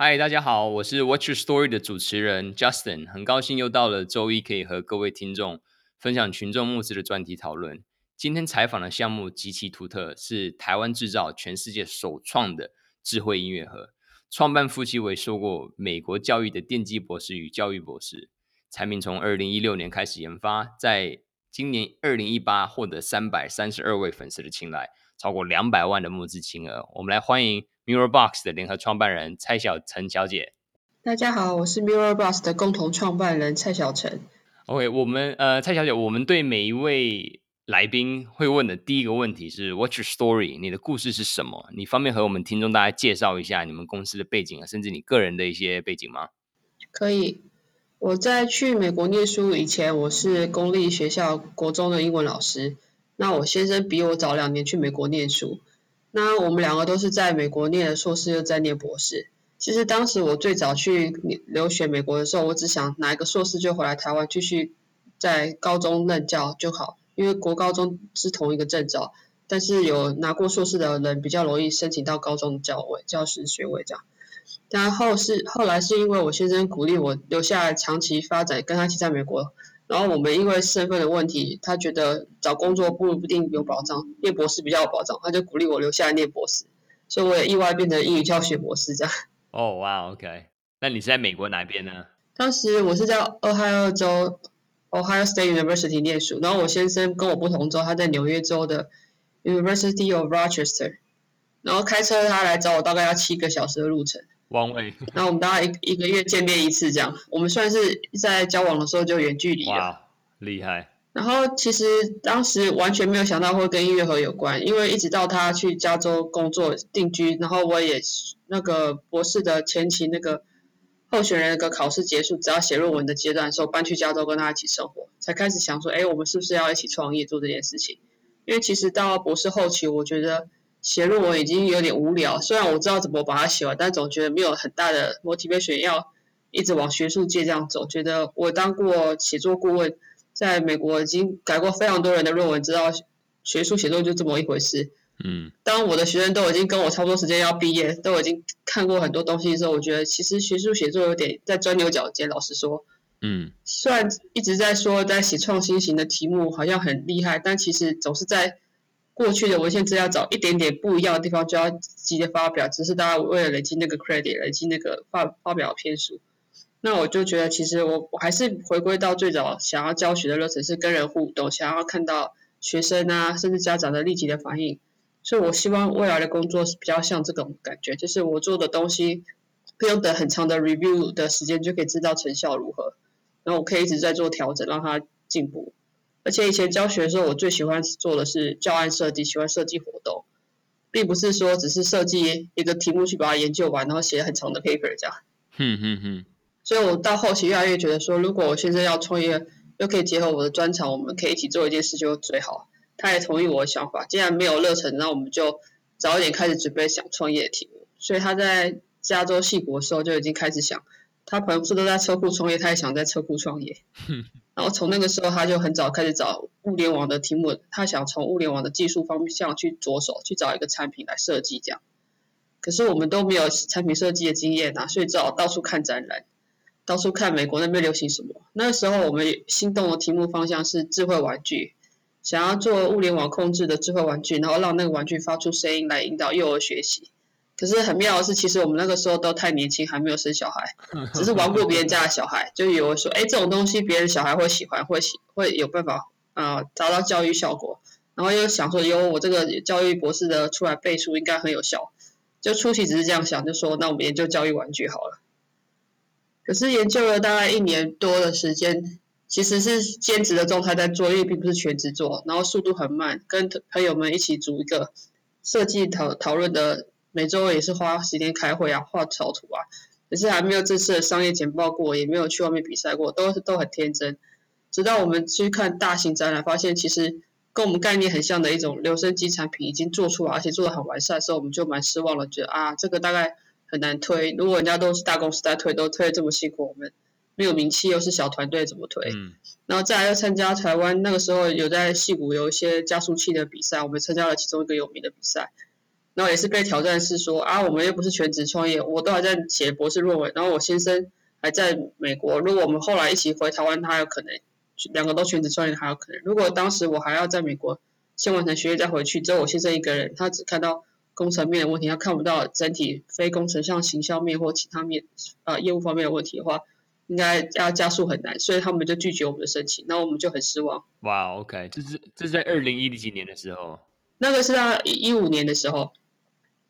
嗨，大家好，我是 Watch Your Story 的主持人 Justin，很高興又到了週一，可以和各位聽眾分享群眾募資的專題討論。今天採訪的項目極其獨特，是台灣製造、全世界首創的智慧音樂盒。創辦夫妻為受過美國教育的電機博士與教育博士。產品從二零一六年開始研發，在今年二零一八獲得三百三十二位粉絲的青睞，超過兩百萬的募資金額。我們來歡迎。Murro Box 的聯合創辦人蔡小陳小姐，大家好，我是 Murro Box 的共同創辦人蔡小陳。OK，我們呃，蔡小姐，我們對每一位來賓會問的第一個問題是 “What's your story？” 你的故事是什麼？你方便和我們聽眾大家介紹一下你們公司的背景啊，甚至你個人的一些背景嗎？可以。我在去美國念書以前，我是公立學校國中的英文老師。那我先生比我早兩年去美國念書。那我們兩個都是在美國念碩士，又在念博士。其實當時我最早去留學美國的時候，我只想拿一個碩士就回來台灣繼續在高中任教就好，因為國高中是同一個證照。但是有拿過碩士的人比較容易申請到高中教位、教師學位這樣。然後是後來是因為我先生鼓勵我留下來長期發展，跟他一起在美國。然後我們因為身份的問題，他覺得找工作不一定有保障，念博士比較有保障，他就鼓勵我留下來念博士，所以我也意外變成英語教學博士這樣。哦，哇，OK，那你是在美國哪邊呢？當時我是在 Ohio 州 Ohio State University 念書，然後我先生跟我不同州，他在紐約州的 University of Rochester，然後開車他來找我大概要七個小時的路程。望位，那我們大概一一個月見面一次，這樣，我們算是在交往的時候就遠距離啊，厲害。然後其實當時完全沒有想到會跟音樂盒有關，因為一直到他去加州工作定居，然後我也那個博士的前期那個候選人那個考試結束，只要寫論文的階段的時候搬去加州跟他一起生活，才開始想說，哎、欸，我們是不是要一起創業做這件事情？因為其實到博士後期，我覺得。寫論文已經有點無聊，雖然我知道怎麼把它寫完，但總覺得沒有很大的 motivation，要一直往學術界這樣走。覺得我當過寫作顧問，在美國已經改過非常多人的論文，知道學術寫作就這麼一回事。嗯。當我的學生都已經跟我差不多時間要畢業，都已經看過很多東西的時候，我覺得其實學術寫作有點在鑽牛角尖。老實說，嗯。雖然一直在說在寫創新型的題目好像很厲害，但其實總是在。過去的文獻只要找一點點不一樣的地方，就要急着發表，只是大家為了累積那個 credit，累積那個發發表篇數。那我就覺得，其實我我還是回歸到最早想要教學的熱程，是跟人互動，想要看到學生啊，甚至家長的立即的反應。所以我希望未來的工作是比較像這種感覺，就是我做的東西不用等很長的 review 的時間就可以知道成效如何，然後我可以一直在做調整，讓它進步。而且以前教學的時候，我最喜歡做的是教案設計，喜歡設計活動，並不是說只是設計一個題目去把它研究完，然後寫很長的 paper 這樣。嗯嗯嗯，所以我到後期越來越覺得說，如果我先生要創業，又可以結合我的專長，我們可以一起做一件事就最好。他也同意我的想法，既然沒有熱忱，那我們就早一點開始準備想創業的題目。所以他在加州矽谷的時候就已經開始想，他朋友不是都在車庫創業，他也想在車庫創業。 然後從那個時候，他就很早開始找物聯網的題目，他想從物聯網的技術方向去着手去找一個產品來設計這樣。可是我們都沒有產品設計的經驗啊，所以只好到處看展覽，到處看美國那邊流行什麼。那時候我們心動的題目方向是智慧玩具，想要做物聯網控制的智慧玩具，然後讓那個玩具發出聲音來引導幼兒學習。可是很妙的是，其實我們那個時候都太年輕，還沒有生小孩， 只是玩過別人家的小孩，就以為說，哎，這種東西別人小孩會喜歡，會喜會有辦法啊，達、呃、到教育效果。然後又想說，喲，我這個教育博士的出來背書，應該很有效。就初期只是這樣想，就說那我們研究教育玩具好了。可是研究了大概一年多的時間，其實是兼職的狀態在做，因為並不是全職做，然後速度很慢，跟朋友們一起組一個設計討討論的。每週也是花時間開會啊，畫草圖啊，可是還沒有正式的商業簡報過，也沒有去外面比賽過，都是都很天真。直到我們去看大型展覽，發現其實跟我們概念很像的一種留聲機產品已經做出來了，而且做得很完善，的時候我們就蠻失望了，覺得啊，這個大概很難推。如果人家都是大公司在推，都推這麼辛苦，我們沒有名氣，又是小團隊，怎麼推？嗯。然後再來又參加台灣那個時候有在矽谷有一些加速器的比賽，我們參加了其中一個有名的比賽。然後也是被挑戰，是說啊，我們又不是全職創業，我都還在寫博士論文，然後我先生還在美國。如果我們後來一起回台灣，他有可能兩個都全職創業還有可能。如果當時我還要在美國先完成學業再回去，只有我先生一個人，他只看到工程面的問題，他看不到整體非工程像行銷面或其他面呃業務方面的問題的話，應該要加速很難，所以他們就拒絕我們的申請，那我們就很失望。哇，OK，這是這是在二零一幾年的時候，那個是在一五年的時候。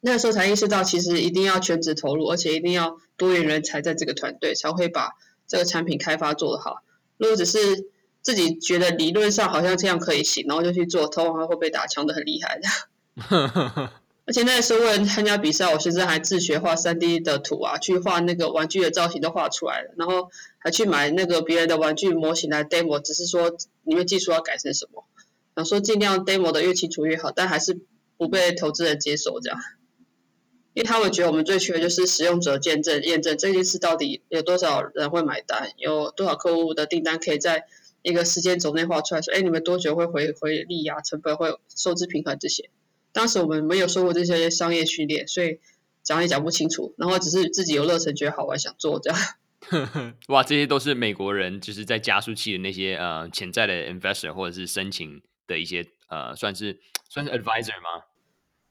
那個時候才意識到，其實一定要全職投入，而且一定要多元人才在這個團隊，才會把這個產品開發做得好。如果只是自己覺得理論上好像這樣可以行，然後就去做，通常會被打槍得很厲害的。 而且那時候為了參加比賽，我先生還自學畫 3D 的圖啊，去畫那個玩具的造型都畫出來了，然後還去買那個別人的玩具模型來 demo。只是說裡面技術要改成什麼，想說儘量 demo 的越清楚越好，但還是不被投資人接受這樣。因為他們覺得我們最缺的就是使用者見證、驗證這件事到底有多少人會買單，有多少客戶的訂單可以在一個時間軸內畫出來說，哎，你們多久會回回利呀、啊？成本會收支平衡這些。當時我們沒有受過這些商業訓練，所以講也講不清楚，然後只是自己有熱忱，覺得好玩，想做這樣。哇，這些都是美國人，就是在加速器的那些呃潛在的 investor 或者是申請的一些呃算是算是 advisor 嗎？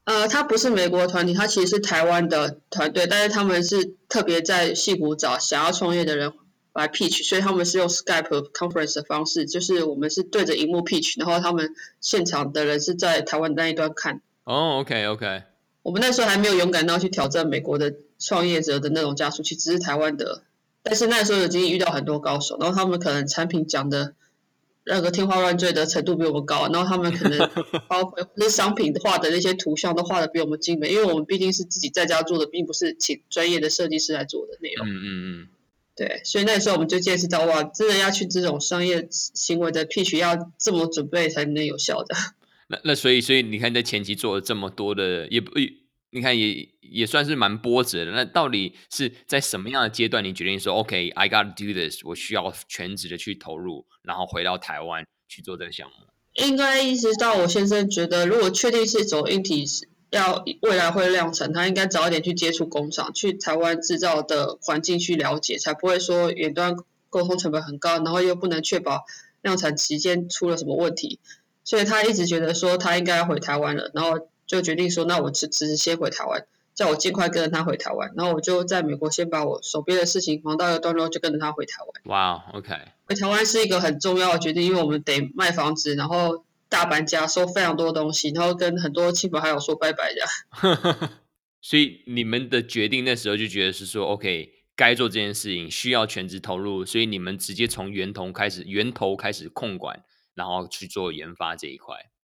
呃，他不是美國團體，他其實是台灣的團隊，但是他們是特別在矽谷找想要創業的人來 pitch，所以他們是用 Skype conference 的方式，就是我們是對着熒幕 pitch，然後他們現場的人是在台灣那一端看。哦、oh，OK OK。我們那時候還沒有勇敢到去挑戰美國的創業者的那種加速器，只是台灣的，但是那時候已經遇到很多高手，然後他們可能產品講的，那個天花亂墜的程度比我們高，然後他們可能包括那商品畫的那些圖像都畫得比我們精美，因為我們畢竟是自己在家做的，並不是請專業的設計師來做的那種。嗯嗯嗯。對，所以那時候我們就見識到，哇，真的要去這種商業行為的 pitch 要這麼準備才能有效的。那那所以所以你看，在前期做了這麼多的，也不。也你看也也算是蠻波折的。那到底是在什麼樣的階段，你決定說 OK，I gotta do this，我需要全職的去投入，然後回到台灣去做這個項目？應該一直到，我先生覺得如果確定是走硬體，要未來會量產，他應該早一點去接觸工廠，去台灣製造的環境去了解，才不會說遠端溝通成本很高，然後又不能確保量產期間出了什麼問題。所以他一直覺得說他應該要回台灣了，然後。就決定說，那我辭職先回台灣，叫我盡快跟着他回台灣。然後我就在美國先把我手邊的事情忙到一段落，就跟着他回台灣。哇、wow，OK，回台灣是一個很重要的決定，因為我們得賣房子，然後大搬家，收非常多東西，然後跟很多親朋好友說拜拜的。 所以你們的決定那時候就覺得是說，OK，該做這件事情需要全職投入，所以你們直接從源頭開始，源頭開始控管，然後去做研發這一塊。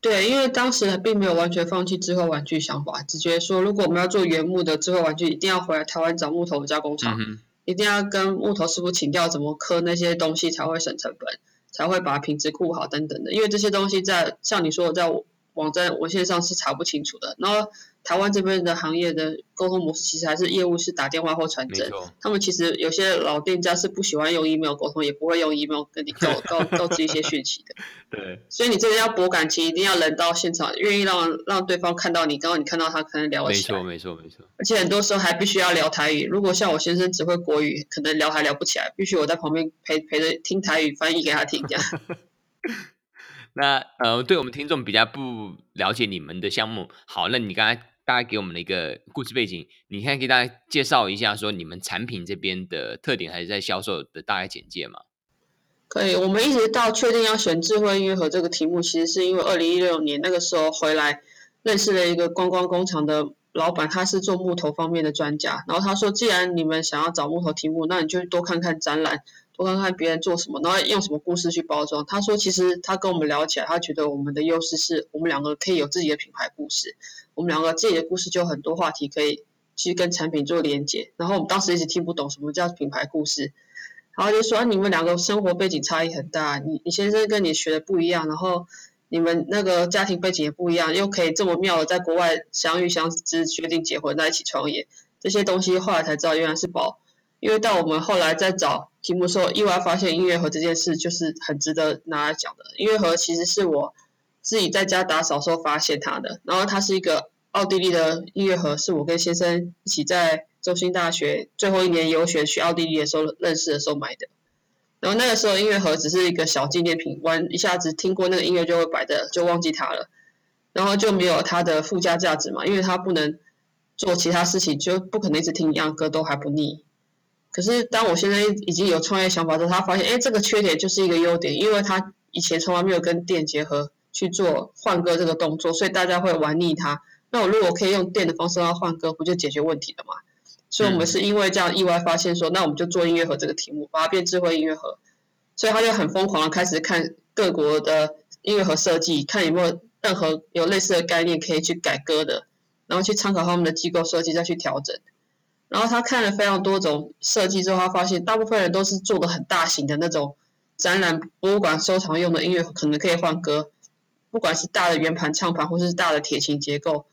對，因為當時並沒有完全放棄智慧玩具想法，只覺得說，如果我們要做原木的智慧玩具，一定要回來台灣找木頭加工廠、啊，一定要跟木頭師傅請教怎麼刻那些東西才會省成本，才會把品質顧好等等的，因為這些東西在像你說的在，在網站、文獻上是查不清楚的。然後台灣這邊的行業的溝通模式，其實還是業務是打電話或傳真。他們其實有些老店家是不喜歡用 email 溝通，也不會用 email 跟你告告告知一些訊息的。對，所以你真的要博感情，一定要人到現場，願意讓讓對方看到你。剛剛你看到他可能聊不起來，沒錯沒錯沒錯。而且很多時候還必須要聊台語。如果像我先生只會國語，可能聊還聊不起來，必須我在旁邊陪陪着聽台語翻譯給他聽這樣。 那呃，對我們聽眾比較不了解你們的項目，好，那你剛才。大概給我們的一個故事背景，你可以給大家介紹一下，說你們產品這邊的特點，還是在銷售的大概簡介嗎？可以。我們一直到確定要選智慧音樂盒這個題目，其實是因為二零一六年那個時候回來，認識了一個觀光工廠的老板，他是做木頭方面的專家，然後他說，既然你們想要找木頭題目，那你就多看看展覽。我看看別人做什麼，然後用什麼故事去包裝。他說，其實他跟我們聊起來，他覺得我們的優勢是我們兩個可以有自己的品牌故事。我們兩個自己的故事就有很多話題可以去跟產品做連接。然後我們當時一直聽不懂什麼叫品牌故事，然後就說，啊，你們兩個生活背景差異很大，你你先生跟你學的不一樣，然後你們那個家庭背景也不一樣，又可以這麼妙的在國外相遇相知，決定結婚再一起創業，這些東西後來才知道原來是寶。因為到我們後來在找題目的時候，意外發現音樂盒這件事就是很值得拿來講的。音樂盒其實是我自己在家打掃的時候發現它的，然後它是一個奧地利的音樂盒，是我跟先生一起在中興大學最後一年遊學去奧地利的時候認識的時候買的。然後那個時候音樂盒只是一個小紀念品，玩一下子聽過那個音樂就會擺的，就忘記它了，然後就沒有它的附加價值嘛，因為它不能做其他事情，就不可能一直聽一樣歌都還不膩。可是，當我現在已經有創業想法的時候，他發現，哎，這個缺點就是一個優點，因為他以前從來沒有跟電結合去做換歌這個動作，所以大家會玩膩它。那我如果可以用電的方式讓他換歌，不就解決問題了嗎？所以，我們是因為這樣意外發現說，說，嗯，那我們就做音樂盒這個題目，把它變智慧音樂盒。所以他就很瘋狂的開始看各國的音樂盒設計，看有沒有任何有類似的概念可以去改歌的，然後去參考他們的機構設計，再去調整。然後他看了非常多種設計之後，他發現大部分人都是做得很大型的那種展覽、博物館收藏用的音樂，可能可以換歌，不管是大的圓盤唱盤，或是大的鐵琴結構，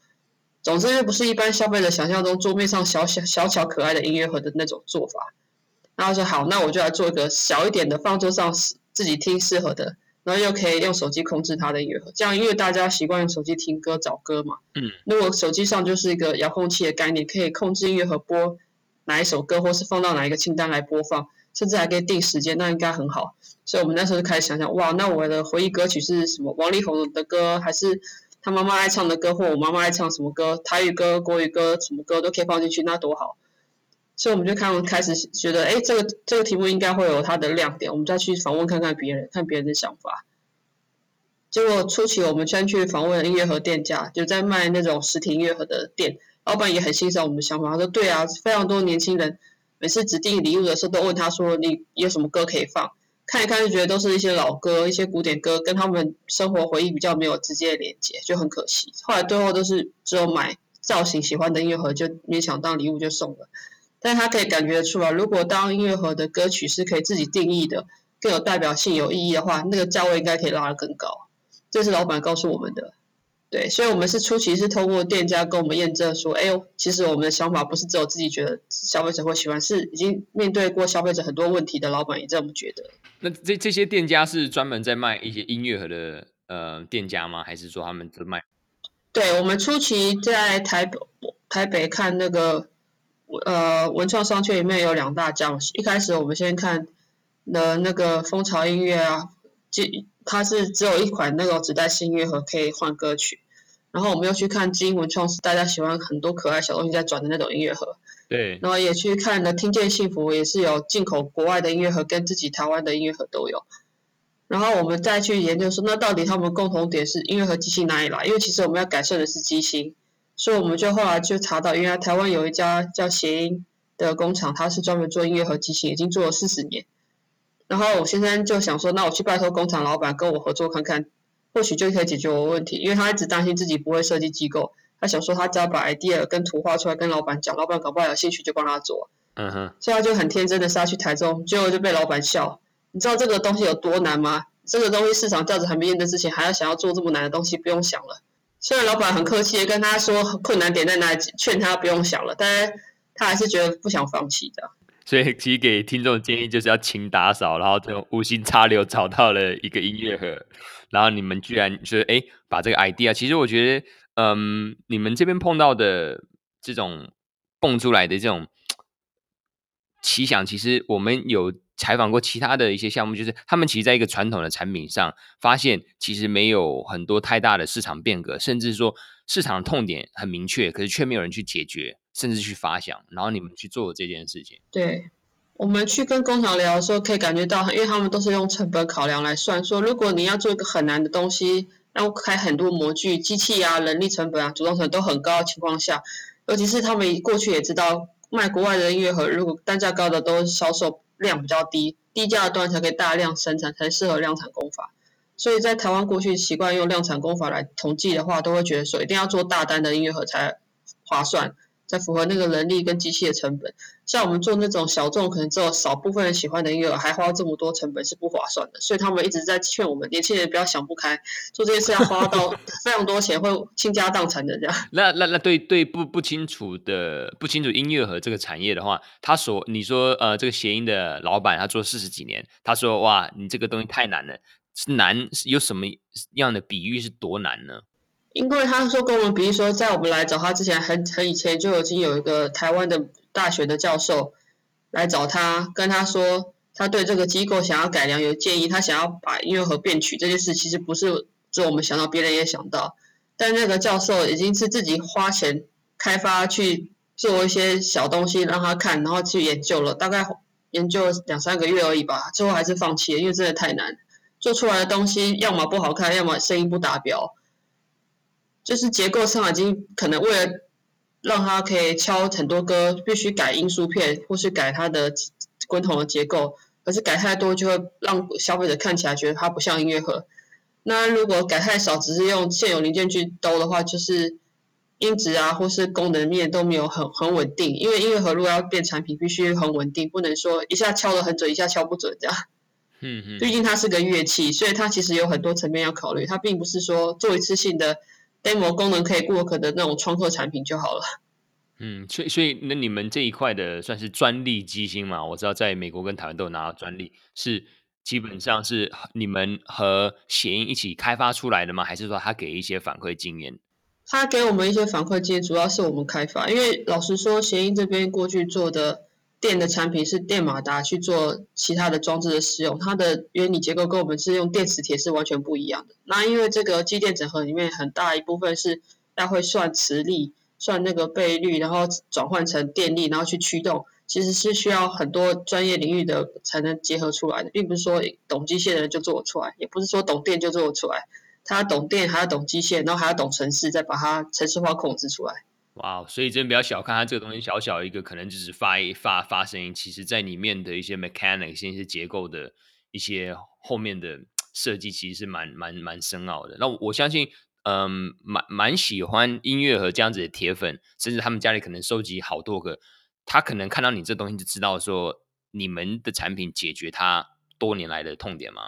總之又不是一般消費者想象中桌面上小小小巧可愛的音樂盒的那種做法。然後說好，那我就來做一個小一點的，放桌上自己聽適合的。然後又可以用手機控制他的音樂盒，這樣因為大家習慣用手機聽歌、找歌嘛。嗯，如果手機上就是一個遙控器的概念，可以控制音樂盒播哪一首歌，或是放到哪一個清單來播放，甚至還可以定時間，那應該很好。所以我們那時候就開始想想，哇，那我的回憶歌曲是什麼？王力宏的歌，還是他媽媽愛唱的歌，或我媽媽愛唱什麼歌？台語歌、國語歌，什麼歌都可以放進去，那多好。所以我們就看開始覺得，誒、欸，這個這個題目應該會有它的亮點。我們再去訪問看看別人，看別人的想法。結果初期我們先去訪問了音樂盒店家，就在賣那種實體音樂盒的店，老闆也很欣賞我們的想法，他說：“對啊，非常多年輕人每次指定禮物的時候都問他說，你有什麼歌可以放？看一看就覺得都是一些老歌、一些古典歌，跟他們生活回憶比較沒有直接的連接，就很可惜。後來最後都是只有買造型喜歡的音樂盒，就勉強當禮物就送了。”但他可以感覺得出來，如果當音樂盒的歌曲是可以自己定義的，更有代表性、有意義的話，那個價位應該可以拉得更高。這是老闆告訴我們的。對，所以我們是初期是通過店家跟我們驗證說，哎呦，其實我們的想法不是只有自己覺得消費者會喜歡，是已經面對過消費者很多問題的老闆也這麼覺得。那這這些店家是專門在賣一些音樂盒的呃店家嗎？還是說他們只賣？對，我們初期在台台北看那個。呃，文創商圈裡面有兩大家，一開始我們先看的那個蜂巢音樂啊，就它是只有一款那種紙帶式音樂盒可以換歌曲，然後我們又去看知音文創，是大家喜歡很多可愛小東西在轉的那種音樂盒，對，然後也去看了聽見幸福，也是有進口國外的音樂盒跟自己台灣的音樂盒都有，然後我們再去研究說，那到底他們共同點是音樂盒機芯哪裡來？因為其實我們要改善的是機芯。所以我們就後來就查到，原來台灣有一家叫諧音的工廠，它是專門做音樂盒機芯，已經做了四十年。然後我先生就想說，那我去拜托工廠老闆跟我合作看看，或許就可以解決我的問題。因為他一直擔心自己不會設計機構，他想說他只要把 idea 跟圖畫出來跟老闆講，老闆搞不好有興趣就幫他做。嗯哼。所以他就很天真的殺要去台中，最後就被老闆笑。你知道這個東西有多難嗎？這個東西市場價值還沒認得之前，還要想要做這麼難的東西，不用想了。雖然老闆很客氣跟他說困難點在哪裡，勸他不用想了，但他還是覺得不想放棄的。所以其實給聽眾的建議就是要勤打掃，然後這種無心插柳找到了一個音樂盒，嗯，然後你們居然說哎、欸、把這個 idea，其實我覺得嗯，你們這邊碰到的這種蹦出來的這種奇想，其實我們有。採訪過其他的一些項目，就是他們其實在一個傳統的產品上發現，其實沒有很多太大的市場變革，甚至說市場痛點很明確，可是卻沒有人去解決，甚至去發想。然後你們去做這件事情，對，我們去跟工廠聊的時候，可以感覺到，因為他們都是用成本考量來算，說如果你要做一個很難的東西，要開很多模具、機器啊、人力成本啊、組裝成本都很高的情況下，尤其是他們過去也知道賣國外的音樂盒，如果單價高的都銷售。量比較低，低價端才可以大量生產，才適合量產工法。所以在台灣過去習慣用量產工法來統計的話，都會覺得說，一定要做大單的音樂盒才划算。才符合那個人力跟機器的成本，像我們做那種小眾，可能只有少部分人喜歡的音樂，還花這麼多成本是不划算的。所以他們一直在勸我們年輕人不要想不開，做這件事要花到非常多錢， 會傾家蕩產的這樣。 那那那對對不不清楚的不清楚音樂盒這個產業的話，他所你說呃這個諧音的老板他做四十幾年，他說哇你這個東西太難了，是難，有什麼樣的比喻是多難呢？因為他說跟我們，比如說在我們來找他之前很、很很以前就已經有一個台灣的大學的教授來找他，跟他說他對這個機構想要改良有建議。他想要把音樂盒變曲這件事，其實不是只有我們想到，別人也想到。但那個教授已經是自己花錢開發去做一些小東西讓他看，然後去研究了，大概研究兩三個月而已吧，最後還是放棄了，因為真的太難，做出來的東西要麼不好看，要麼聲音不達標。就是結構上已經可能為了讓它可以敲很多歌，必須改音梳片或是改它的滾筒的結構。可是改太多就會讓消費者看起來覺得它不像音樂盒。那如果改太少，只是用現有零件去兜的話，就是音質啊或是功能面都沒有很很穩定。因為音樂盒如果要變產品，必須很穩定，不能說一下敲得很準，一下敲不準這樣。嗯嗯，畢竟它是個樂器，所以它其實有很多層面要考慮。它並不是說做一次性的。demo 功能可以 work 的那種創客產品就好了。嗯，所以所以那你們這一塊的算是專利機芯嘛？我知道在美國跟台灣都有拿到專利，是基本上是你們和協音一起開發出來的嗎？還是說他給一些反饋經驗？他給我們一些反饋經驗，主要是我們開發。因為老實說，協音這邊過去做的。電的產品是電馬達去做其他的裝置的使用，它的原理結構跟我們是用電磁鐵是完全不一樣的。那因為這個機電整合裡面很大一部分是要會算磁力、算那個倍率，然後轉換成電力，然後去驅動，其實是需要很多專業領域的才能結合出來的，並不是說懂機械的人就做得出來，也不是說懂電就做得出來，他要懂電還要懂機械，然後還要懂程式，再把它程式化控制出來。哇、wow，所以真的不要小看它這個東西，小小一個，可能就是發一發發聲音。其實，在裡面的一些 mechanics，一些結構的一些後面的設計，其實是蠻蠻蠻深奧的。那我，我相信，嗯，蠻蠻喜歡音樂和這樣子的鐵粉，甚至他們家裡可能收集好多個。他可能看到你這東西，就知道說你們的產品解決他多年來的痛點嗎？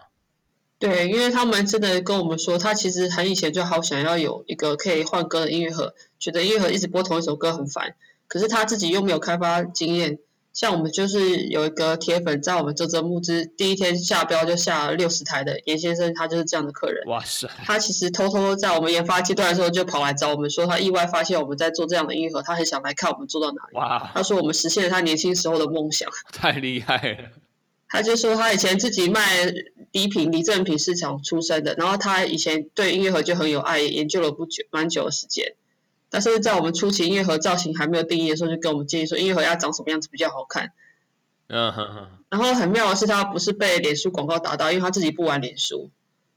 對，因為他們真的跟我們說，他其實很以前就好想要有一個可以換歌的音樂盒，覺得音樂盒一直播同一首歌很煩。可是他自己又沒有開發經驗，像我們就是有一個鐵粉在我們這週募資第一天下標就下了六十台的嚴先生，他就是這樣的客人。哇塞！他其實偷偷在我們研發階段的時候就跑來找我們說，他意外發現我們在做這樣的音樂盒，他很想來看我們做到哪裡。哇！他說我們實現了他年輕時候的夢想。太厲害了！他就說，他以前自己賣禮品、禮贈品市場出身的，然後他以前對音樂盒就很有愛，研究了不久、蠻久的時間。但是在我們初期音樂盒造型還沒有定義的時候，就跟我們建議說，音樂盒要長什麼樣子比較好看。嗯哼。然後很妙的是，他不是被臉書廣告打到，因為他自己不玩臉書，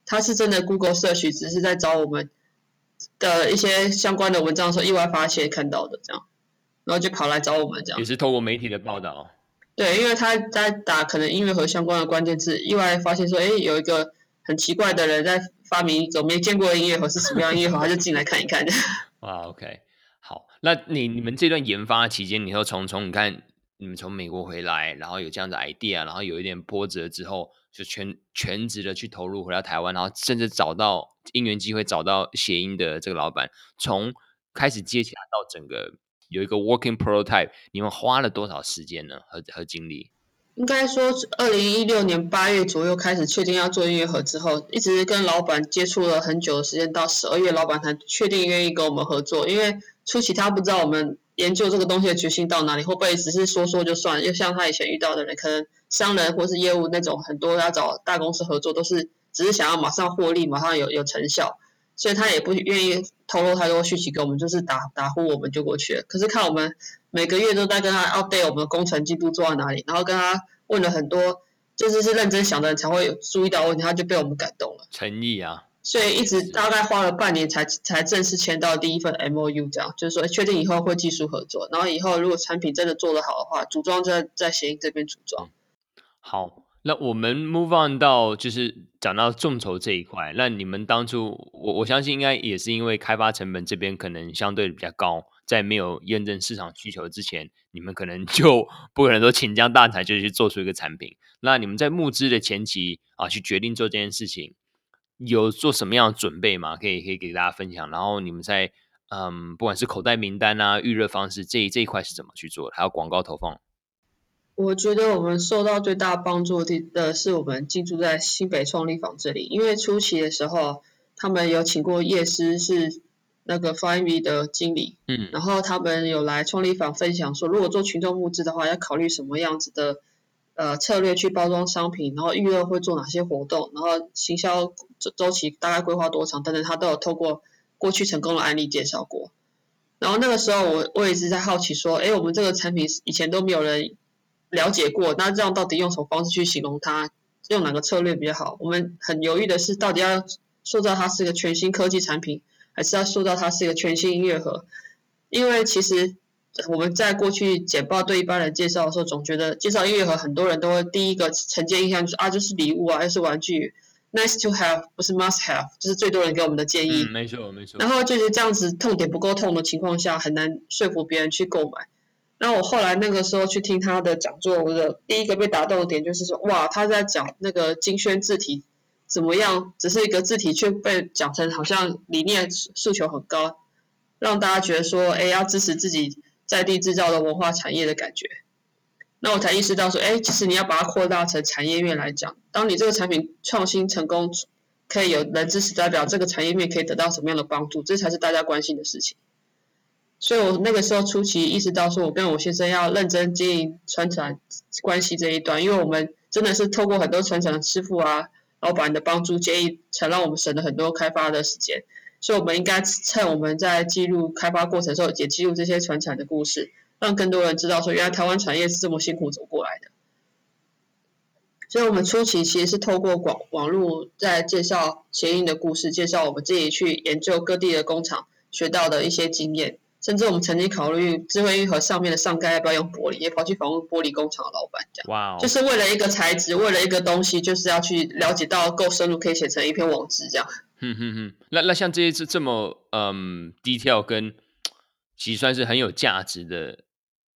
他是真的 Google search，只是在找我們的一些相關的文章的時候，意外發現看到的這樣，然後就跑來找我們這樣。也是透過媒體的報道。Oh. 對，因為他在打可能音樂盒相關的關鍵字，意外發現說，哎，有一個很奇怪的人在發明一種沒見過音樂盒是什麼樣音樂盒？ 他就進來看一看。哇、wow，OK，好，那你你們這段研發的期間，你說從從你看你們從美國回來，然後有這樣的 idea，然後有一點波折之後，就全全職的去投入回到台灣，然後甚至找到因緣機會，找到諧音的這個老闆，從開始接洽到整個。有一個 working prototype，你們花了多少時間呢？和和精力？應該說，二零一六年八月左右開始確定要做音樂盒之後，一直跟老板接觸了很久的時間，到十二月老板才確定願意跟我們合作。因為初期他不知道我們研究這個東西的決心到哪裡，會不會只是說說就算？又像他以前遇到的人，可能商人或是業務那種，很多要找大公司合作都是只是想要馬上獲利，馬上有有成效。所以他也不願意透露太多訊息給我們，就是打打呼，我們就過去了。可是看我們每個月都在跟他 update 我們的工程進度做到哪裡，然後跟他問了很多，就是是認真想的人才會有注意到問題，他就被我們感動了。誠意啊！所以一直大概花了半年才是是才正式簽到第一份 MOU，這樣就是說確定以後會技術合作，然後以後如果產品真的做得好的話，組裝就在在協議這邊組裝，嗯。好，那我們 move on 到就是。講到眾籌這一塊，那你們當初，我我相信應該也是因為開發成本這邊可能相對比較高，在沒有驗證市場需求之前，你們可能就不可能說傾家蕩產就去做出一個產品。那你們在募資的前期啊，去決定做這件事情，有做什麼樣的準備嗎？可以可以給大家分享。然後你們在嗯，不管是口袋名單啊、預熱方式這一這一塊是怎麼去做的，還有廣告投放？我覺得我們受到最大幫助的，的是我們進駐在新北創立坊這裡，因為初期的時候，他們有請過業師，是那個 FlyingV 的經理，嗯，然後他們有來創立坊分享說，如果做群眾募資的話，要考慮什麼樣子的呃策略去包裝商品，然後預熱會做哪些活動，然後行銷周周期大概規劃多長，等等，他都有透過過去成功的案例介紹過。然後那個時候我，我我也是在好奇說，哎、欸，我們這個產品以前都沒有人。了解過，那這樣到底用什麼方式去形容它？用哪個策略比較好？我們很猶豫的是，到底要塑造它是一個全新科技產品，還是要塑造它是一個全新音樂盒？因為其實我們在過去簡報對一般人介紹的時候，總覺得介紹音樂盒，很多人都會第一個承接印象就是啊，就是禮物啊，又是玩具，nice to have，不是 must have，就是最多人給我們的建議。嗯，沒錯，沒錯。然後就是這樣子，痛點不夠痛的情況下，很難說服別人去購買。那我後來那個時候去聽他的講座，我的第一個被打動的點就是說，哇，他在講那個金萱字體怎麼樣，只是一個字體卻被講成好像理念訴求很高，讓大家覺得說，哎，要支持自己在地制造的文化產業的感覺。那我才意識到說，哎，其實你要把它擴大成產業面來講，當你這個產品創新成功，可以有人支持，代表這個產業面可以得到什麼樣的幫助，這才是大家關心的事情。所以，我那個時候初期意識到，說我跟我先生要認真經營傳產關係這一段，因為我們真的是透過很多傳產的師傅啊、老闆的幫助建議，才讓我們省了很多開發的時間。所以，我們應該趁我們在記錄開發過程的時候，也記錄這些傳產的故事，讓更多人知道說，原來台灣產業是這麼辛苦走過來的。所以，我們初期其實是透過廣網絡在介紹前印的故事，介紹我們自己去研究各地的工廠學到的一些經驗。甚至我們曾經考慮智慧音樂盒上面的上蓋要不要用玻璃，也跑去訪問玻璃工廠的老板，哇、wow、哦，就是為了一個材質，為了一個東西，就是要去了解到夠深入，可以寫成一篇網誌這樣。哼哼哼，那那像這一次這麼嗯 detail 跟，其實算是很有價值的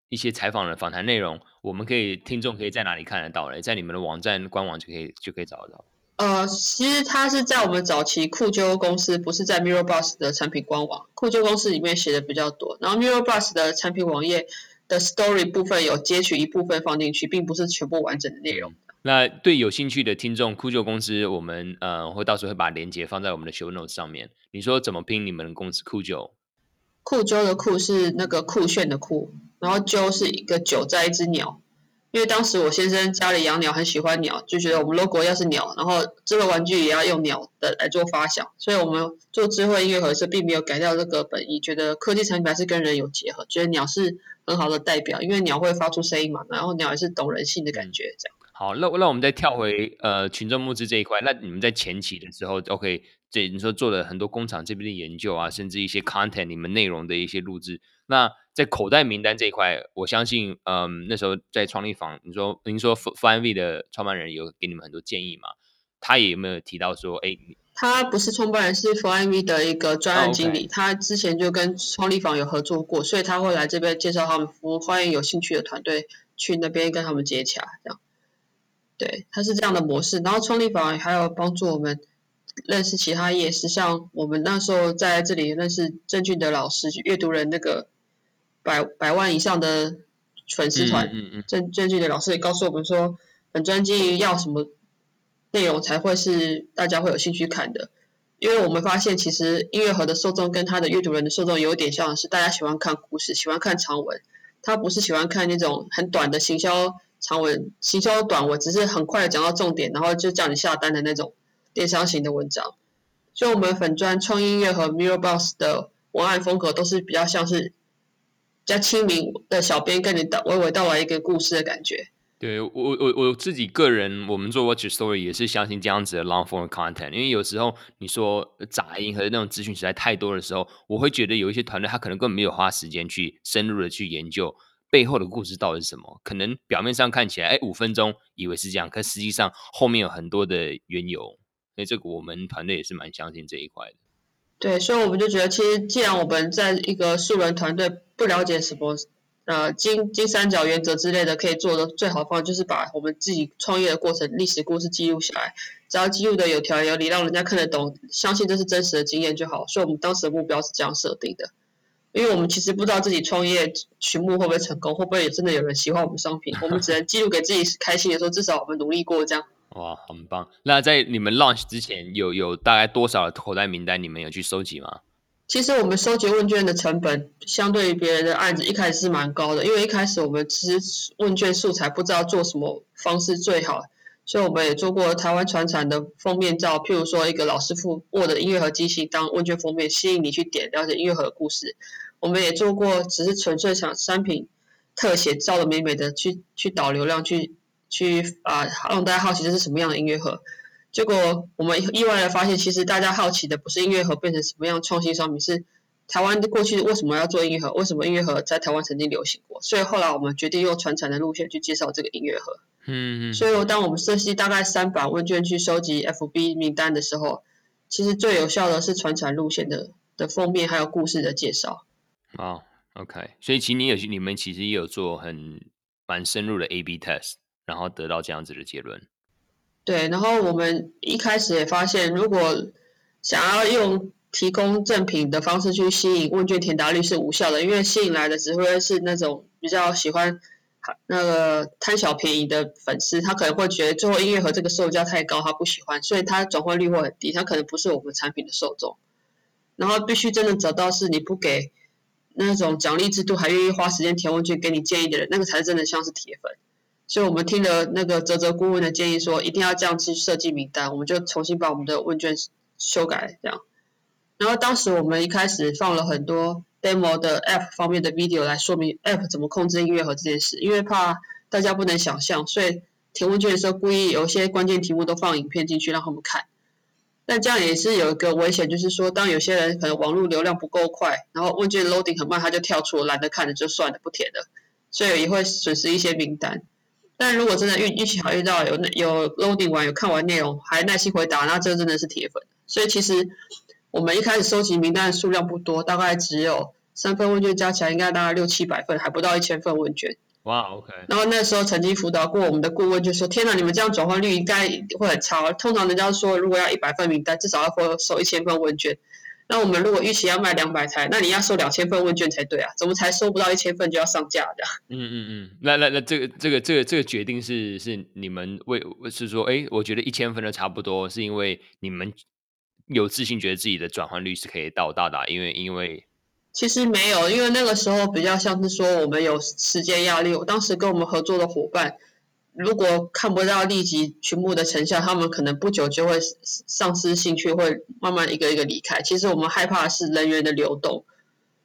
一些採訪的訪談內容，我們可以聽眾可以在哪裡看得到呢？在你們的網站官網就可以就可以找得到。呃，其實它是在我們早期酷鳩公司，不是在 Murro Box 的產品官網。酷鳩公司裡面寫的比較多，然後 Murro Box 的產品網頁的 story 部分有截取一部分放進去，並不是全部完整的內容，哦。那對有興趣的聽眾，酷鳩公司我們呃會到時候會把鏈接放在我們的 show notes 上面。你說怎麼拼你們公司酷鳩？酷鳩的酷是那個酷炫的酷，然後鳩是一個九加一只鳥。因為當時我先生家裡養鳥，很喜歡鳥，就覺得我們 logo 要是鳥，然後這個玩具也要用鳥的來做發想，所以我們做智慧音樂盒是並沒有改掉這個本意，覺得科技產品還是跟人有結合，覺得鳥是很好的代表，因為鳥會發出聲音嘛，然後鳥也是懂人性的感覺。這樣好，那那我們再跳回呃群眾募資這一塊，那你們在前期的時候，都可以。對，你說做了很多工廠這邊的研究啊，甚至一些 content 你們內容的一些錄製。那在口袋名單這一塊，我相信，嗯，那時候在創立房，你說，您說 Five V 的創辦人有給你們很多建議嗎？他也有沒有提到說，哎，他不是創辦人，是 Five V 的一個專案經理。Oh, okay. 他之前就跟創立房有合作過，所以他會來這邊介紹他們服務，歡迎有興趣的團隊去那邊跟他們接洽，這樣。對，他是這樣的模式。然後創立房還有幫助我們。認識其他也是像我們那時候在這裡認識鄭俊德老師，閱讀人那個百百萬以上的粉絲團，鄭、嗯、鄭、嗯嗯、俊德老師也告訴我們說，本專輯要什麼內容才會是大家會有興趣看的。因為我們發現其實音樂盒的受眾跟他的閱讀人的受眾有點像，是大家喜歡看故事，喜歡看長文，他不是喜歡看那種很短的行銷長文、行銷短文，只是很快的講到重點，然後就叫你下單的那種。電商型的文章，所以我們粉專、創音樂和 Murro Box 的文案風格都是比較像是比較親民的，小編跟你道娓娓道來一個故事的感覺。對，我，我我自己個人，我們做 Watch Story 也是相信這樣子的 long-form content，因為有時候你說雜音和那種資訊實在太多的時候，我會覺得有一些團隊他可能根本沒有花時間去深入的去研究背後的故事到底是什麼。可能表面上看起來，哎，五分鐘以為是這樣，可實際上後面有很多的緣由。所以這個我們團隊也是蠻相信這一塊的。對，所以我們就覺得，其實既然我們在一個素人團隊不了解什麼，呃，金金三角原則之類的，可以做的最好的方法就是把我們自己創業的過程、歷史故事記錄下來。只要記錄的有條有理，讓人家看得懂，相信這是真實的經驗就好。所以我們當時的目標是這樣設定的，因為我們其實不知道自己創業取目會不會成功，會不會真的有人喜歡我們商品， 我們只能記錄給自己開心的時候，至少我們努力過這樣。哇，很棒！那在你們 launch 之前，有有大概多少的口袋名單你們有去收集嗎？其實我們收集問卷的成本，相對於別人的案子，一開始是蠻高的，因為一開始我們其實問卷素材不知道做什麼方式最好，所以我們也做過台灣傳產的封面照，譬如說一個老師傅握的音樂盒機器當問卷封面，吸引你去點了解音樂盒的故事。我們也做過只是純粹想商品特寫照的美美的去，去去導流量去。去啊，讓大家好奇這是什麼樣的音樂盒。結果我們意外的發現，其實大家好奇的不是音樂盒變成什麼樣創新商品，是台灣的過去為什麼要做音樂盒，為什麼音樂盒在台灣曾經流行過。所以後來我們決定用傳產的路線去介紹這個音樂盒。嗯，嗯。所以我當我們設計大概三版問卷去收集 FB 名單的時候，其實最有效的是傳產路線的的封面還有故事的介紹。哦，OK。所以請你有，你們其實也有做很蠻深入的 A/B test。然後得到這樣子的結論。對，然後我們一開始也發現，如果想要用提供贈品的方式去吸引問卷填答率是無效的，因為吸引來的只會是那種比較喜歡那個貪小便宜的粉絲，他可能會覺得最後音樂盒這個售價太高，他不喜歡，所以他轉換率會很低，他可能不是我們產品的受眾。然後必須真的找到是你不給那種獎勵制度還願意花時間填問卷給你建議的人，那個才是真的像是鐵粉。所以我們聽了那個澤澤顧問的建議，說一定要這樣去設計名單，我們就重新把我們的問卷修改這樣。然後當時我們一開始放了很多 demo 的 app 方面的 video 來說明 app 怎麼控制音樂盒這件事，因為怕大家不能想象，所以填問卷的時候故意有些關鍵題目都放影片進去讓他們看。但這樣也是有一個危險，就是說當有些人可能網絡流量不夠快，然後問卷 loading 很慢，他就跳出了，懶得看了就算了，不填了，所以也會損失一些名單。但如果真的遇運氣好遇到有有 loading 完有看完內容還耐心回答，那這真的是鐵粉。所以其實我們一開始收集名單的數量不多，大概只有三份問卷加起來應該大概六七百份，還不到一千份問卷。哇，wow, OK。然後那時候曾經輔導過我們的顧問就說：天哪，你們這樣轉換率應該會很超。通常人家說如果要一百份名單，至少要收收一千份問卷。那我們如果預期要賣兩百台，那你要收兩千份問卷才對啊，怎麼才收不到一千份就要上架的？嗯嗯嗯，那那那這個這個這個這個決定是是你們為是說，哎、欸，我覺得一千份的差不多，是因為你們有自信，覺得自己的轉換率是可以到達的？啊，因為因為其實沒有，因為那個時候比較像是說我們有時間壓力，我當時跟我們合作的夥伴。如果看不到立即全部的成效，他們可能不久就會喪失興趣，會慢慢一個一個離開。其實我們害怕的是人員的流動，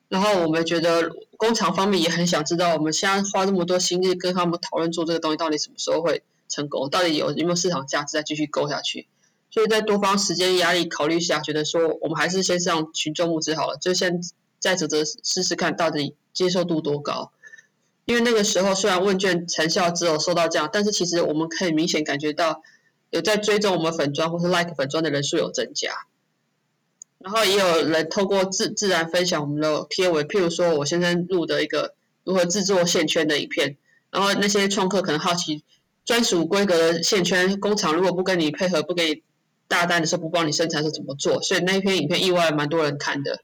然後我們覺得工廠方面也很想知道，我們現在花這麼多心力跟他們討論做這個東西，到底什麼時候會成功，到底有有沒有市場價值再繼續搞下去。所以在多方時間壓力考慮下，覺得說我們還是先上群眾募資好了，就先再負責試，試試看，到底接受度多高。因為那個時候雖然問卷成效只有收到這樣，但是其實我們可以明顯感覺到有在追蹤我們粉專或是 like 粉專的人數有增加，然後也有人透過自自然分享我們的貼文，譬如說我現在錄的一個如何制作線圈的影片，然後那些創客可能好奇專屬規格的線圈工廠如果不跟你配合，不給你大單的時候不幫你生產是怎麼做，所以那一篇影片意外蠻多人看的。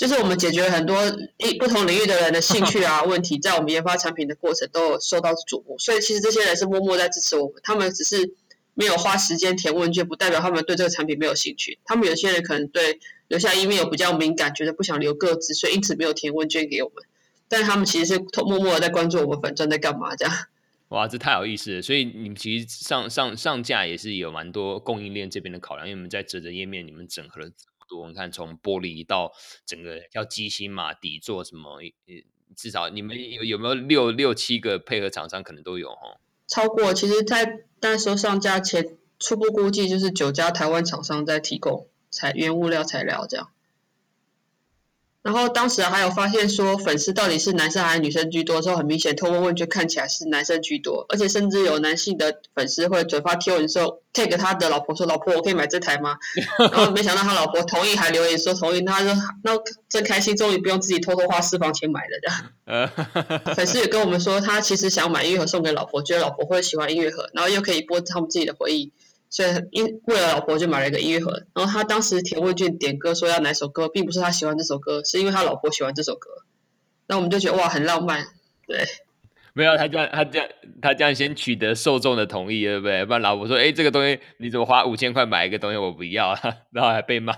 就是我們解決很多一不同領域的人的興趣啊問題，在我們研發產品的過程都有受到注目，所以其實這些人是默默在支持我們，他們只是沒有花時間填問卷，不代表他們對這個產品沒有興趣。他們有些人可能對留下 email 有比較敏感，覺得不想留個字，所以因此沒有填問卷給我們。但他們其實是默默的在關注我們粉專在幹嘛這樣。哇，這太有意思了！所以你們其實上上上架也是有蠻多供應鏈這邊的考量，因為我們在整疊頁面你們整合了。我們看從玻璃到整個叫機芯嘛，底座什麼，至少你們有有沒有六六七個配合廠商，可能都有齁？超過，其實在那時候上架前，初步估計就是九家台灣廠商在提供材原物料材料這樣。然後當時還有發現說，粉絲到底是男生還是女生居多？之後很明顯，透過問卷看起來是男生居多，而且甚至有男性的粉絲會轉發貼文說，貼給他的老婆說：“ 老婆，我可以買這台嗎？”然後沒想到他老婆同意，還留言說同意。他說：“那真開心，終於不用自己偷偷花私房錢買了。”這樣。 粉絲也跟我們說，他其實想買音樂盒送給老婆，覺得老婆會喜歡音樂盒，然後又可以播他們自己的回憶。所以，因為了老婆就買了一個音樂盒。然後他當時填問卷點歌，說要哪首歌，並不是他喜歡這首歌，是因為他老婆喜歡這首歌。那我們就覺得哇，很浪漫，對。沒有，他這樣，他這樣，他這樣先取得受眾的同意，對不對？不然老婆說，誒，這個東西你怎麼花五千塊買一個東西，我不要啊，然後還被罵。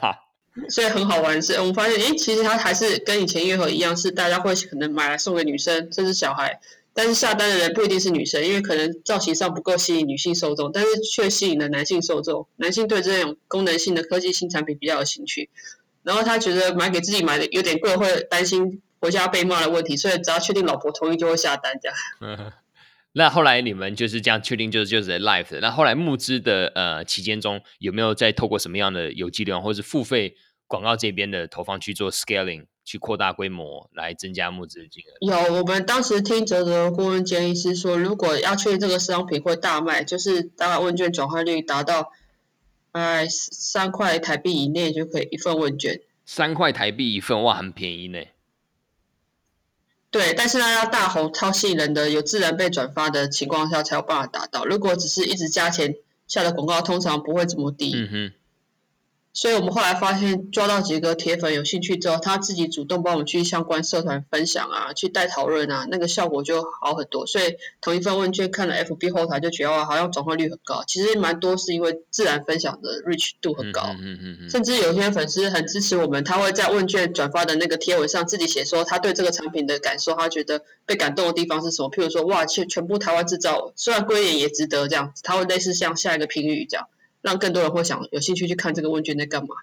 所以很好玩的是，我們發現，誒，其實他還是跟以前音樂盒一樣，是大家會可能買來送給女生，甚至小孩。但是下單的人不一定是女生，因為可能造型上不夠吸引女性受眾，但是卻吸引了男性受眾。男性對這種功能性的科技新產品比較有興趣，然後他覺得買給自己買的有點貴，會擔心回家被罵的問題，所以只要確定老婆同意就會下單這樣。嗯，那後來你們就是這樣確定，就是就是在 live 的。那後來募資的呃期間中有沒有在透過什麼樣的有機流量或是付費廣告這邊的投放去做 scaling？去擴大規模，來增加募資金額。有，我們當時聽哲哲的顧問建議是說，如果要確認這個商品會大賣，就是大概問卷轉換率達到哎三塊台幣以內就可以一份問卷。三塊台幣一份，哇，很便宜呢。對，但是呢，要大紅超吸引人的，有自然被轉發的情況下，才有辦法達到。如果只是一直加錢下的廣告，通常不會這麼低。嗯哼。所以我們後來發現抓到幾個鐵粉有興趣之後，他自己主動幫我們去相關社團分享啊，去帶討論啊，那個效果就好很多。所以同一份問卷看了 F B 後台就覺得哇，好像轉化率很高。其實蠻多是因為自然分享的 reach 度很高。嗯嗯嗯嗯，甚至有些粉絲很支持我們，他會在問卷轉發的那個貼文上自己寫說他對這個產品的感受，他覺得被感動的地方是什麼。譬如說哇，全全部台灣製造，雖然貴點也值得這樣。他會類似像下一個評語這樣。讓更多人會想有興趣去看這個問卷在幹嘛，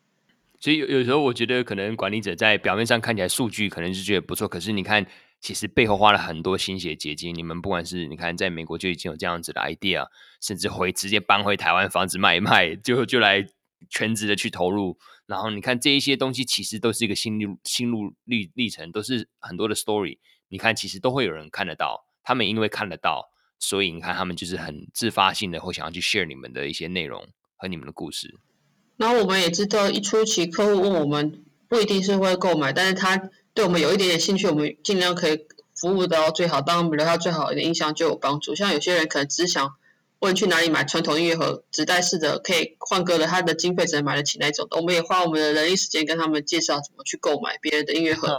所以有有時候我覺得可能管理者在表面上看起來數據可能是覺得不錯，可是你看其實背後花了很多心血結晶。你們不管是你看在美國就已經有這樣子的 idea，甚至會直接搬回台灣房子賣一賣，就就來全職的去投入。然後你看這一些東西其實都是一個心路心路歷歷程，都是很多的 story。你看其實都會有人看得到，他們也因為看得到，所以你看他們就是很自發性的會想要去 share 你們的一些內容和你們的故事。然後我們也知道，一初期客戶問我們，不一定是會購買，但是他對我們有一點點興趣，我們盡量可以服務到最好，當我們留下最好的印象就有幫助。像有些人可能只想問去哪裡買傳統音樂盒、紙袋式的可以換歌的，他的經費只能買得起那種的，我們也花我們的人力時間跟他們介紹怎麼去購買別人的音樂盒，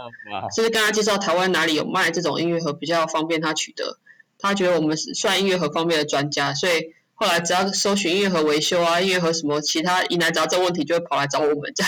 甚 至跟他介紹台灣哪裡有賣這種音樂盒比較方便他取得。他覺得我們是算音樂盒方面的專家，所以。後來只要搜尋音樂盒維修啊，音樂盒什麼其他疑難雜症問題就會跑來找我們這樣。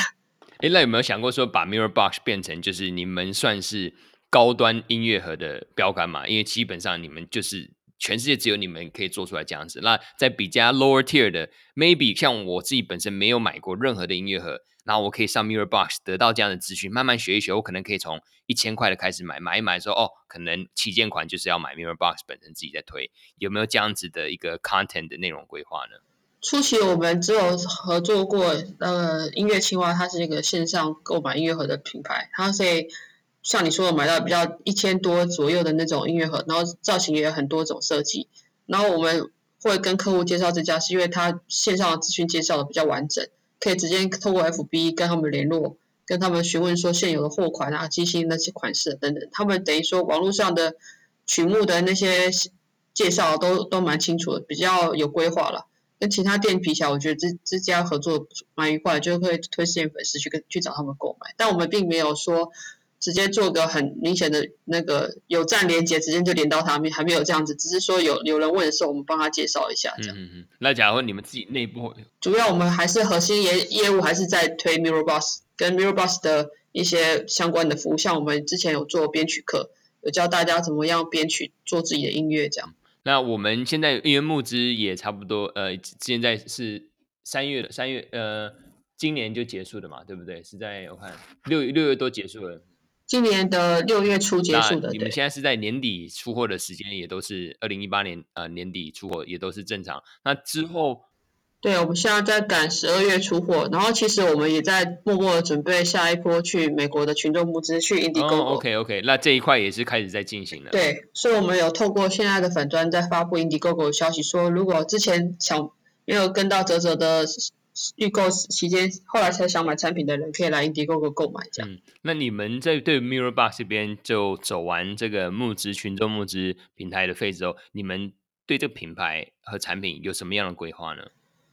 哎、欸，那有沒有想過說把 Murro Box 變成就是你們算是高端音樂盒的標杆嘛？因為基本上你們就是。全世界只有你們可以做出來這樣子。那在比較 lower tier 的，maybe 像我自己本身沒有買過任何的音樂盒，然後我可以上 Murro Box 得到這樣的資訊，慢慢學一學，我可能可以從一千塊的開始買，買一買之後哦，可能旗艦款就是要買 Murro Box 本身自己在推，有沒有這樣子的一個 content 的內容規劃呢？初期我們只有合作過，呃，音樂青蛙，它是一個線上購買音樂盒的品牌，它是。像你說的，買到比較一千多左右的那種音樂盒，然後造型也有很多種設計。然後我們會跟客戶介紹這家，是因為他線上的資訊介紹的比較完整，可以直接透過 FB 跟他們聯絡，跟他們詢問說現有的貨款啊、機芯那些款式等等。他們等於說網絡上的曲目的那些介紹都都蠻清楚的，比較有規劃了。跟其他店比起來，我覺得這這家合作蠻愉快，就會推薦粉絲去跟去找他們購買。但我們並沒有說。直接做個很明顯的那個有站連接，直接就連到他們，還沒有這樣子，只是說有有人問的時候，我們幫他介紹一下這樣。嗯嗯，那假如你們自己內部，主要我們還是核心業業務還是在推 Murro Box 跟 Murro Box 的一些相關的服務，像我們之前有做編曲課，有教大家怎麼樣編曲做自己的音樂這樣。那我們現在因為募資也差不多，呃，現在是三月的三月，呃，今年就結束的嘛，對不對？是在我看六六月都結束了，今年的六月初結束的。那你們現在是在年底出貨的時間也都是二零一八年，呃，年底出貨也都是正常。那之後，對，我們現在在趕十二月出貨，然後其實我們也在默默準備下一波去美國的群眾募資，去 Indiegogo。哦，OK，OK，那這一塊也是開始在進行了。對，所以我們有透過現在的粉專在發布 Indiegogo 消息，說，說如果之前想沒有跟到澤澤的。預購期間，後來才想買產品的人可以來 Indiegogo 購買。這、嗯、樣，那你們在對 Muro Box 這邊就走完這個募資、群眾募資平台的 phase 之後，你們對這個品牌和產品有什麼樣的規劃呢？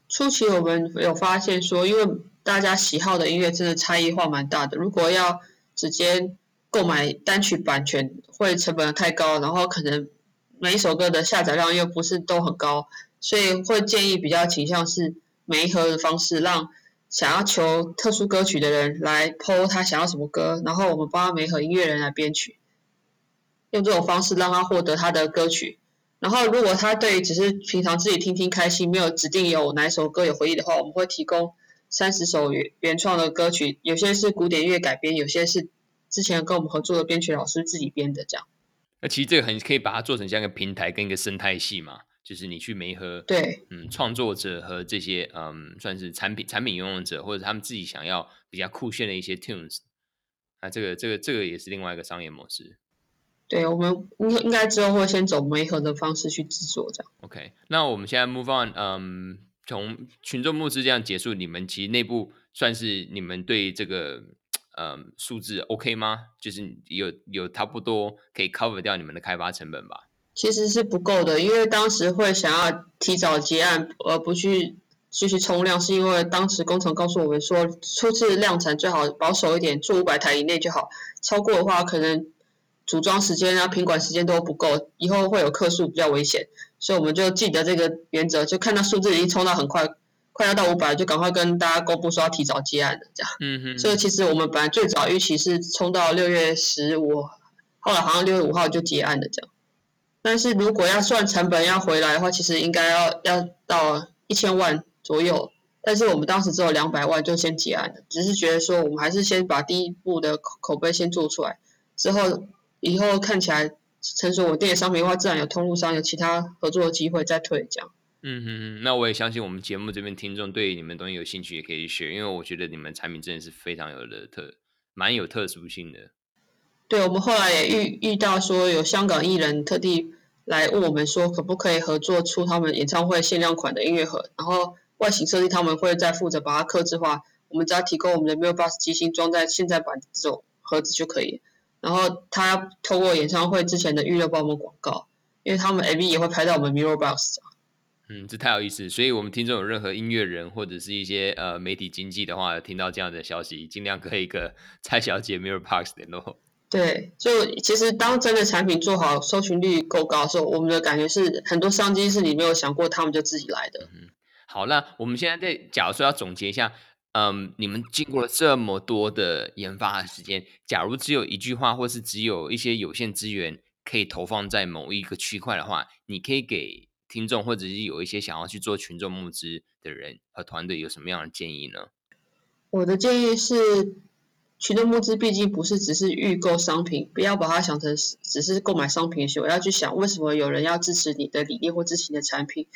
初期我們有發現說，因為大家喜好的音樂真的差異化蠻大的，如果要直接購買單曲版權會成本太高，然後可能每一首歌的下載量又不是都很高，所以會建議比較傾向是，媒合的方式，讓想要求特殊歌曲的人來 PO 他想要什麼歌，然後我們幫他媒合音樂人來編曲，用這種方式讓他獲得他的歌曲。然後，如果他對只是平常自己聽聽開心，沒有指定有哪一首歌有回憶的話，我們會提供三十首原原創的歌曲，有些是古典樂改編，有些是之前跟我們合作的編曲老師自己編的這樣。那其實這個很可以把它做成像一個平台跟一個生態系嘛。就是你去媒合，對，嗯，創作者和這些嗯，算是產品產品擁有者或者他們自己想要比較酷炫的一些 tunes，啊、這個，這個這個這個也是另外一個商業模式。對，我們應應該之後會先走媒合的方式去製作這樣。OK，那我們現在 move on，嗯，從群眾募資這樣結束，你們其實內部算是你們對這個嗯數字 OK 嗎？就是有有差不多可以 cover 掉你們的開發成本吧？其實是不夠的，因為當時會想要提早結案，而、呃、不去繼續衝量，是因為當時工程告訴我們說，初次量產最好保守一點，做五百台以內就好，超過的話可能組裝時間啊、品管時間都不夠，以後會有客訴比較危險，所以我們就記得這個原則，就看到數字已經衝到很快，快要到五百，就趕快跟大家公布說要提早結案這樣。嗯哼。所以其實我們本來最早預期是衝到六月十五，後來好像六月五號就結案的這樣。但是如果要算成本要回來的話，其實應該要要到一千萬左右。但是我們當時只有兩百萬，就先結案了。只是覺得說，我們還是先把第一步的口口碑先做出來，之後以後看起來成熟穩定的商品的話，自然有通路商有其他合作的機會再退這樣。嗯嗯嗯，那我也相信我們節目這邊聽眾對你們東西有興趣，也可以學，因為我覺得你們產品真的是非常有的特，蠻有特殊性的。對我們後來也遇遇到說有香港藝人特地來問我們說可不可以合作出他們演唱會限量款的音樂盒，然後外形設計他們會再負責把它客製化，我們只要提供我們的 Murro Box 機芯裝在現在版這種盒子就可以。然後他透過演唱會之前的預熱幫我們廣告，因為他們 MV 也會拍到我們 Murro Box 啊。嗯，這太有意思。所以我們聽眾有任何音樂人或者是一些呃媒體經紀的話，聽到這樣的消息，儘量可以跟蔡小姐 Murro Box 聯絡。Murro Box, 對，就其實當真的產品做好，搜尋率夠高的時候，我們的感覺是很多商機是你沒有想過，他們就自己來的。嗯，好，那我們現在在假如說要總結一下，嗯，你們經過了這麼多的研發的時間，假如只有一句話，或是只有一些有限資源可以投放在某一個區塊的話，你可以給聽眾或者是有一些想要去做群眾募資的人和團隊有什麼樣的建議呢？我的建議是。群眾募資畢竟不是只是預購商品，不要把它想成是只是購買商品。去，我要去想為什麼有人要支持你的理念或支持你的產品。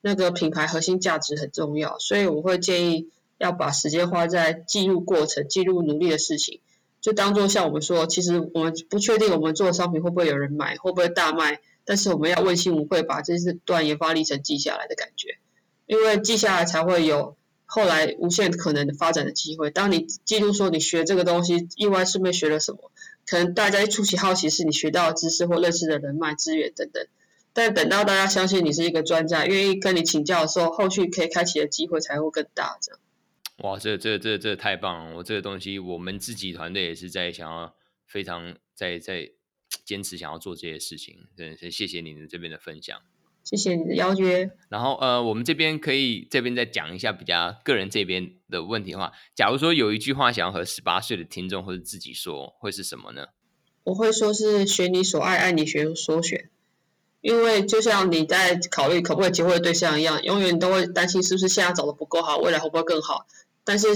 那個品牌核心價值很重要，所以我會建議要把時間花在記錄過程、記錄努力的事情，就當作像我們說，其實我們不確定我們做的商品會不會有人買，會不會大賣，但是我們要問心無愧把這段研發歷程記下來的感覺，因為記下來才會有後來無限可能的發展的機會。當你記錄說你學這個東西，意外順便學了什麼，可能大家一出奇好奇是你學到的知識或認識的人脈資源等等。但等到大家相信你是一個專家，願意跟你請教的時候，後續可以開啟的機會才會更大這樣。這哇，這個、這個、這這個太棒了！我這個東西，我們自己團隊也是在想要非常在在堅持想要做這些事情，真的是謝謝你們這邊的分享。謝謝你的邀約。然後，呃，我們這邊可以這邊再講一下比較個人這邊的問題的話，假如說有一句話想要和十八歲的聽眾或者自己說，會是什麼呢？我會說是選你所愛，愛你選所選。因為就像你在考慮可不可以結婚的對象一樣，永遠都會擔心是不是現在找的不夠好，未來會不會更好。但是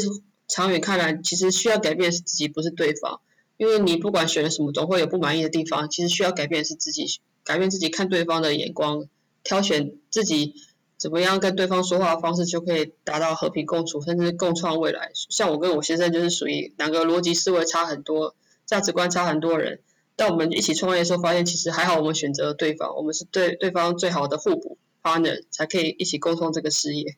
長遠看來，其實需要改變的是自己，不是對方。因為你不管選了什麼，都會有不滿意的地方。其實需要改變的是自己，改變自己看對方的眼光。挑選自己怎麼樣跟對方說話的方式，就可以達到和平共處，甚至共創未來。像我跟我先生就是屬於兩個邏輯思維差很多，價值觀差很多人，但我們一起創業的時候，發現其實還好，我們選擇了對方，我們是對對方最好的互補 partner，才可以一起溝通這個事業。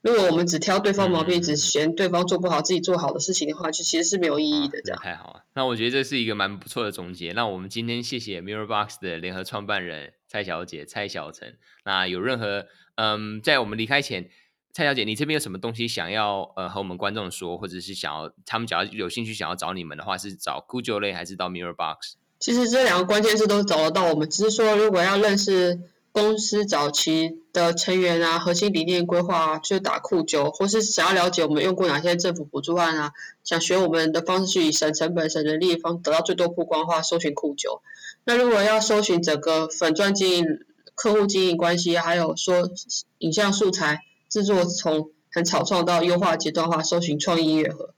如果我們只挑對方毛病，嗯、只嫌對方做不好自己做好的事情的話，就其實是沒有意義的。這樣還、啊、好啊，那我覺得這是一個蠻不錯的總結。那我們今天謝謝 Murro Box 的聯合創辦人。蔡小姐，蔡小成。那有任何嗯，在我們離開前，蔡小姐，你這邊有什麼東西想要呃和我們觀眾說，或者是想要他們只要有興趣想要找你們的話，是找 Google 類還是到 Murro Box？其實這兩個關鍵字都找得到，我們只是說，如果要認識。公司早期的成員啊，核心理念規劃啊，去打酷九，或是想要了解我們用過哪些政府補助案啊，想學我們的方式去以省成本、省人力方得到最多曝光話搜尋酷九。那如果要搜尋整個粉鑽經營、客戶經營關係，啊，還有說影像素材制作從很草創到優化階段化搜尋創意音樂盒。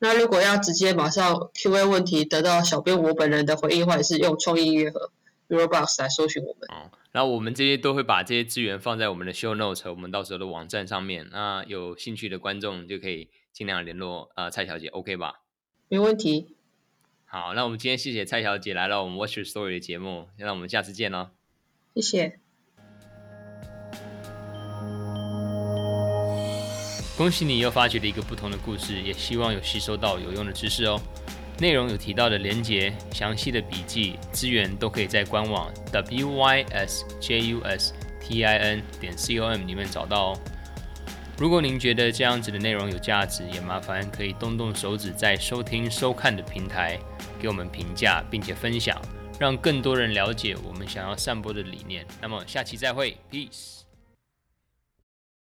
那如果要直接馬上 Q&A 問題得到小編我本人的回應的話，或者是用創意音樂盒。Murro Box 來搜尋我們哦，然後我們這些都會把這些資源放在我們的 Show Notes，和我們到時候的網站上面。那有興趣的觀眾就可以盡量聯絡啊、呃，蔡小姐，OK 吧？沒問題。好，那我們今天謝謝蔡小姐來了我們 Watch Your Story 的節目，那我們下次見嘍。謝謝。恭喜你又發掘了一個不同的故事，也希望有吸收到有用的知識哦。內容有提到的連接、詳細的筆記、資源都可以在官網 w y s j u s t i n 點 c o m 裡面找到哦。如果您覺得這樣子的內容有價值，也麻煩可以動動手指在收聽收看的平台給我們評價，並且分享，讓更多人了解我們想要散播的理念。那麼下期再會，peace。